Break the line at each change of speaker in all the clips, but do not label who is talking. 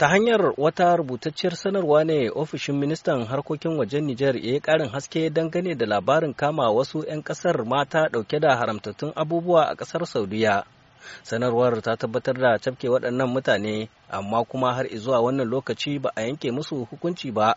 ta hanyar wata rubutacciyar sanarwa ne ofishin ministan harkokin wajen Nijar ya yi karin haske dangane da labarin kama wasu 'yan kasar mata dauke da haramtattun abubuwa a kasar Saudiya. Sanarwar ta tabbatar da cafke waɗannan mutane amma kuma har zuwa wannan lokaci ba a yanke musu hukunci ba.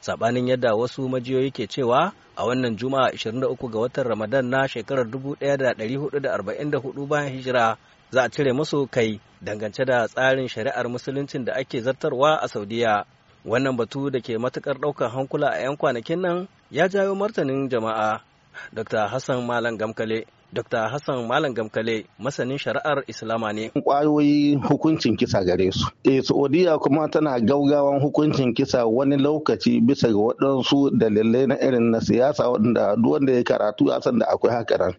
sabanin yadda wasu majiyoyi ke cewa a wannan juma'a 23 ga watan ramadan na shekarar 1444 bayan hijira za a cire musu kai dangance da tsarin shari'ar musuluncin da ake zartarwa a saudiya wannan batu da ke matukar ɗaukar hankula a 'yan kwanakin nan ya jawo martanin jama'a dr hassan malam gamkale Dr. Hassan Malam Gamkale masanin shari'ar Islama ne.
Kwayoyi hukuncin kisa gare su. Eh Saudiya kuma tana gaugawan hukuncin kisa wani lokaci bisa ga waɗansu dalilai na irin na siyasa waɗanda duk wanda ya karatu ya san da akwai hakaran.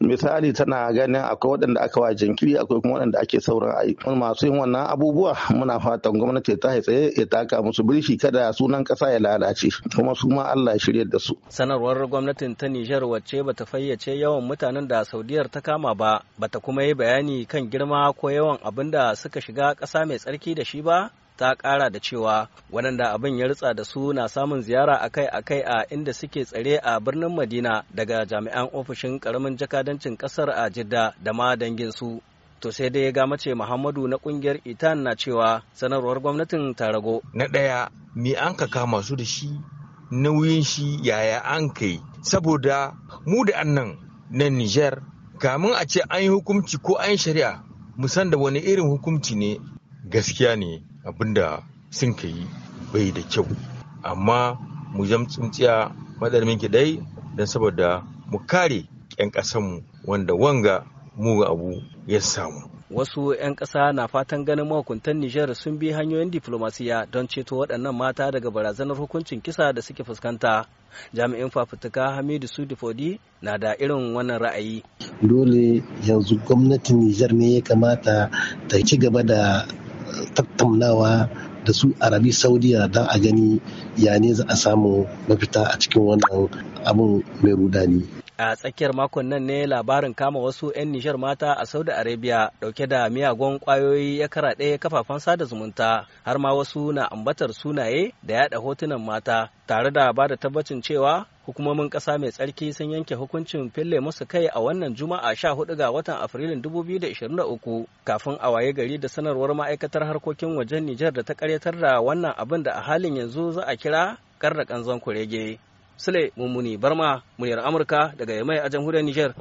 Misali tana ganin akwai waɗanda aka wa jinkiri akwai kuma waɗanda ake sauran ayi. Masu yin wannan abubuwa muna fatan gwamnati ta tsaye ya taka musu birshi kada sunan ƙasa ya lalace kuma su ma Allah ya shirya da su.
Sanarwar gwamnatin ta Nijar wacce bata fayyace yawan mutanen da saudiyar ta kama ba bata kuma yi bayani kan girma ko yawan abin da suka shiga ƙasa mai tsarki da shi ba ta ƙara da cewa waɗanda abin ya ritsa da su na samun ziyara akai-akai a inda suke tsare a birnin madina daga jami'an ofishin ƙaramin jakadancin ƙasar a jidda da ma dangin su to sai dai ga mace muhammadu na ƙungiyar itan na cewa sanarwar gwamnatin ta rago. na ɗaya me an ka kama su da shi nauyin shi
yaya an kai saboda mu da annan na Niger kamin a ce an yi hukunci ko an yi shari'a san da wani irin hukumci ne gaskiya ne abinda sun ka yi bai da kyau amma mu zan tsintsiya madarmin minki dai don saboda mu kare 'yan ƙasanmu wanda wanga muga abu ya samu
wasu 'yan ƙasa na fatan ganin mahukuntan nijar sun bi hanyoyin diflomasiya don ceto waɗannan mata daga barazanar hukuncin kisa da suke fuskanta jami'in fafutuka hamidu sudifodi na da irin wannan ra'ayi
dole yanzu gwamnatin nijar ne ya kamata ta ci gaba da tattaunawa da su arabi saudiya don a gani ya ne za a samu mafita a cikin wannan abun mai rudani
a tsakiyar makon nan ne labarin kama wasu 'yan Nijar mata a saudi arabia dauke da miyagun kwayoyi ya kara ɗaya kafafen sada zumunta har ma wasu na ambatar sunaye da yada hotunan mata tare da ba da tabbacin cewa hukumomin ƙasa mai tsarki sun yanke hukuncin fille musu kai a wannan juma'a sha hudu ga watan afrilun 2023 kafin a waye gari da sanarwar ma'aikatar harkokin wajen nijar da ta karyatar da wannan abin da a halin yanzu za a kira karrakan kanzon kurege Sule Mummuni Barma, muryar Amurka daga Yamai a jamhuriyar Niger.